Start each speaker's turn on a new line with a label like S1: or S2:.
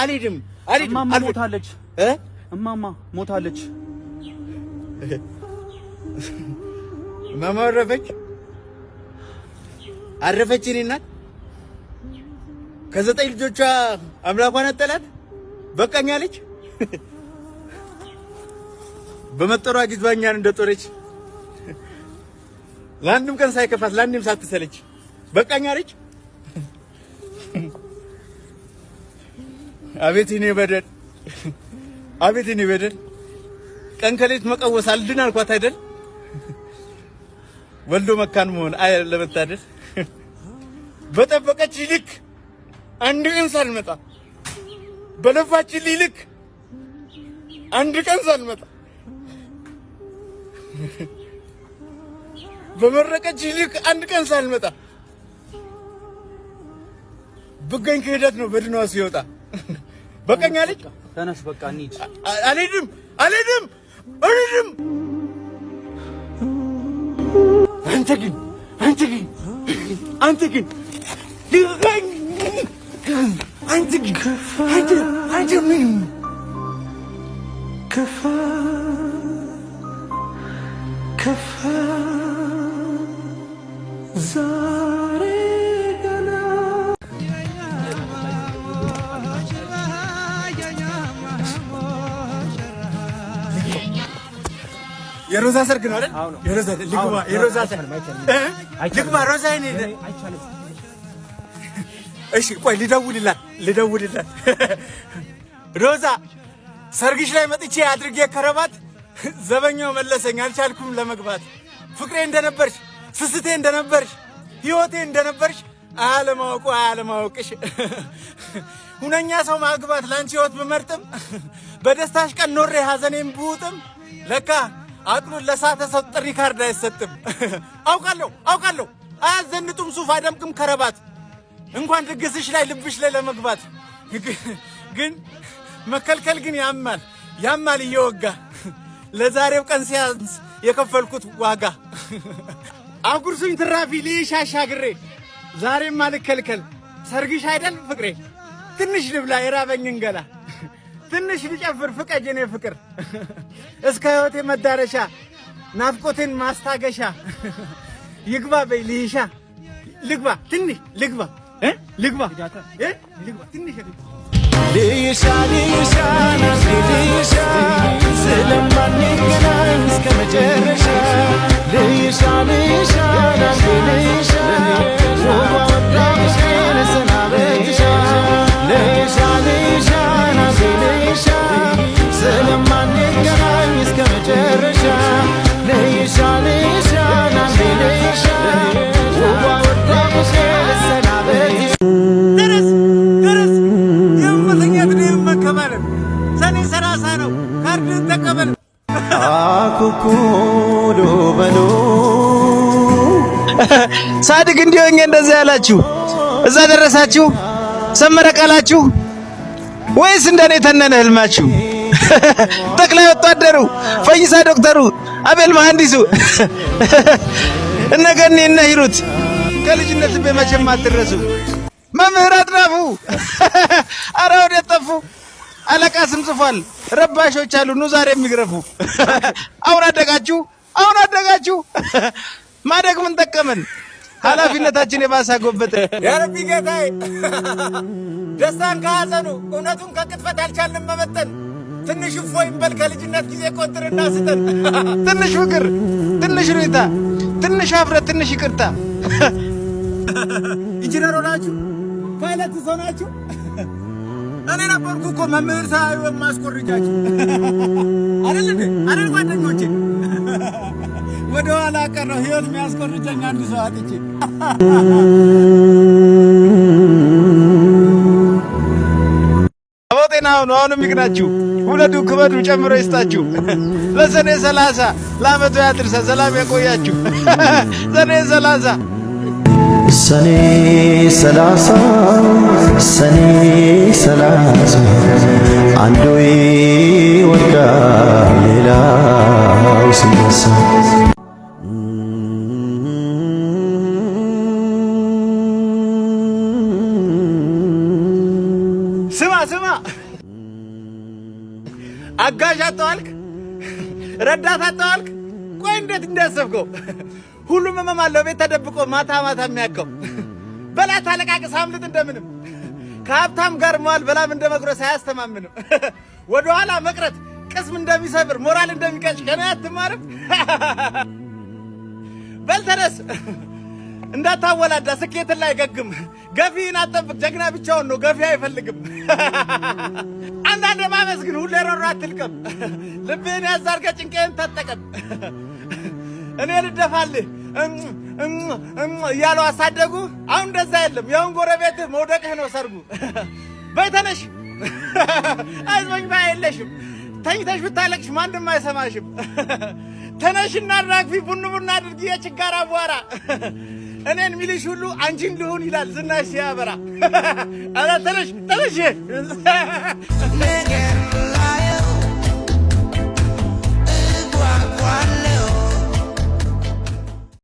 S1: አልሄድም። እማማ ሞታለች። እ
S2: እማማ ሞታለች።
S1: እማማ አረፈች አረፈች። እኔ እናት ከዘጠኝ ልጆቿ አምላኳን አጠላት። በቃኝ አለች። በመጠሯ ጊዜዋኛን እንደጦረች ለአንድም ቀን ሳይከፋት ለአንድም ሳትሰለች በቃኝ አለች። አቤት እኔ በደል አቤት እኔ በደል ቀን ከሌት መቀወስ አልድን አልኳት አይደል ወልዶ መካን መሆን አይ ለመታደል በጠበቀች ይልክ አንድ ቀን ሳልመጣ በለፋች ይልክ አንድ ቀን ሳልመጣ በመረቀች ይልክ አንድ ቀን ሳልመጣ ብገኝ ክህደት ነው በድኗ ሲወጣ በቃኝ አለች።
S2: ተነስ በቃ እንሂድ።
S1: አልሄድም፣ አልሄድም፣ አልሄድም። አንተ ግን አንተ ግን አንተ ግን አንተ ግን አንተ አንተ ምን ከፋ ከፋ ዛ የሮዛ ሰርግ ነው አይደል? የሮዛ የሮዛ ሰርግ ልግባ። ሮዛ ይኔ እሺ፣ ቆይ ልደውልላት፣ ልደውልላት። ሮዛ ሰርግሽ ላይ መጥቼ አድርጌ ከረባት ዘበኛው መለሰኝ፣ አልቻልኩም ለመግባት። ፍቅሬ እንደነበርሽ፣ ስስቴ እንደነበርሽ፣ ህይወቴ እንደነበርሽ አለማወቁ አለማወቅሽ ሁነኛ ሰው ማግባት ላንቺ ህይወት ብመርጥም በደስታሽ ቀን ኖሬ ሀዘኔም ብውጥም ለካ አቅሉን ለሳተ ሰው ጥሪ ካርድ አይሰጥም። አውቃለሁ አውቃለሁ። አያዘንጡም፣ ሱፍ አይደምቅም፣ ከረባት እንኳን ድግስሽ ላይ ልብሽ ላይ ለመግባት ግን መከልከል ግን ያማል ያማል እየወጋ ለዛሬው ቀን ሲያንስ የከፈልኩት ዋጋ አጉርሱኝ ትራፊ ልይሽ ግሬ ዛሬም አልከልከል ሰርግሽ አይደል ፍቅሬ ትንሽ ልብላ የራበኝን ገላ ትንሽ ልጨፍር ፍቀጅኔ ፍቅር እስከ ህይወቴ መዳረሻ ናፍቆቴን ማስታገሻ ይግባ በይ ልይሻ ልግባ ትንሽ ልግባ ልግባ ትንሽ ልይሻ ልይሻ ልይሻ ስለማንገናኝ እስከ መጨረሻ ልይሻ ልይ አልተቀበልም። ሰኔ ሰላሳ ነው። ተቀበል። ሳድግ እንዲሆኝ እንደዚህ ያላችሁ እዛ ደረሳችሁ፣ ሰመረ ቃላችሁ ወይስ እንደኔ ተነነ ህልማችሁ? ጠቅላይ ወታደሩ ፈይሳ፣ ዶክተሩ አቤል፣ መሐንዲሱ እነ ገኒ እነ ሂሩት ከልጅነት በመቼም አትረሱ። መምህር አጥናፉ፣ አረ ወዴት ጠፉ? አለቃ ስም ጽፏል። ረባሾች አሉ፣ ኑ ዛሬ የሚግረፉ። አሁን አደጋችሁ፣ አሁን አደጋችሁ። ማደግ ምን ጠቀመን? ኃላፊነታችን የባሰ ጎበጠ። የረቢ ጌታዬ፣ ደስታን ከሐዘኑ እውነቱን ከቅጥፈት አልቻልንም መመጠን። ትንሽ እፎይ በል ከልጅነት ጊዜ ቆጥርና ስጠን። ትንሽ ፍቅር፣ ትንሽ ሩይታ፣ ትንሽ አፍረት፣ ትንሽ ይቅርታ። ኢንጂነር ሆናችሁ ፓይለት ሆናችሁ እኔ ነበርኩ እኮ መምህር ሳዩ የማስቆርጃችሁ አይደል እንዴ? አይደል ጓደኞቼ? ወደ ኋላ ቀረሁ። ህይወት የሚያስቆርጀኝ አንድ ሰው አጥቼ ጤና ሁኑ። አሁንም ይቅናችሁ፣ ውለዱ፣ ክበዱ፣ ጨምሮ ይስጣችሁ። ለሰኔ ሰላሳ ለአመቱ ያድርሰ። ሰላም ያቆያችሁ። ሰኔ ሰላሳ ሰኔ ሰላሳ ሰኔ ሰላሳ አንዱ ይወድቃል ሌላው ሲነሳ ስማ ስማ አጋዥ አጣዋልክ ረዳት አጣዋልክ ቆይ እንዴት እንዳሰብከው ሁሉም ህመም አለው። ቤት ተደብቆ ማታ ማታ የሚያቀው በላ ታለቃቅስ አምልጥ እንደምንም ከሀብታም ጋር መዋል በላም እንደ መጉረስ አያስተማምንም። ወደኋላ መቅረት ቅስም እንደሚሰብር ሞራል እንደሚቀጭ ገና አትማርም። በልተነስ እንዳታወላዳ፣ ስኬትን ላይ ገግም። ገፊን አትጠብቅ፣ ጀግና ብቻውን ነው ገፊ አይፈልግም። አንዳንድ ማመስግን፣ ሁሌ ሮሮ አትልቀም። ልብህን ያዛርገ ጭንቄህን ታጠቀም። እኔ ልደፋልህ እያሉ አሳደጉ። አሁን እንደዛ የለም። ያሁን ጎረቤትህ መውደቅህ ነው ሰርጉ። በተነሽ አይዞኝ ባ የለሽም። ተኝተሽ ብታለቅሽ ማንድም አይሰማሽም። ተነሽና ራግፊ ቡኑ ቡና አድርጊ የችጋራ አቧራ። እኔን ሚልሽ ሁሉ አንቺን ልሁን ይላል ዝናሽ ሲያበራ። ተነሽ ተነሽ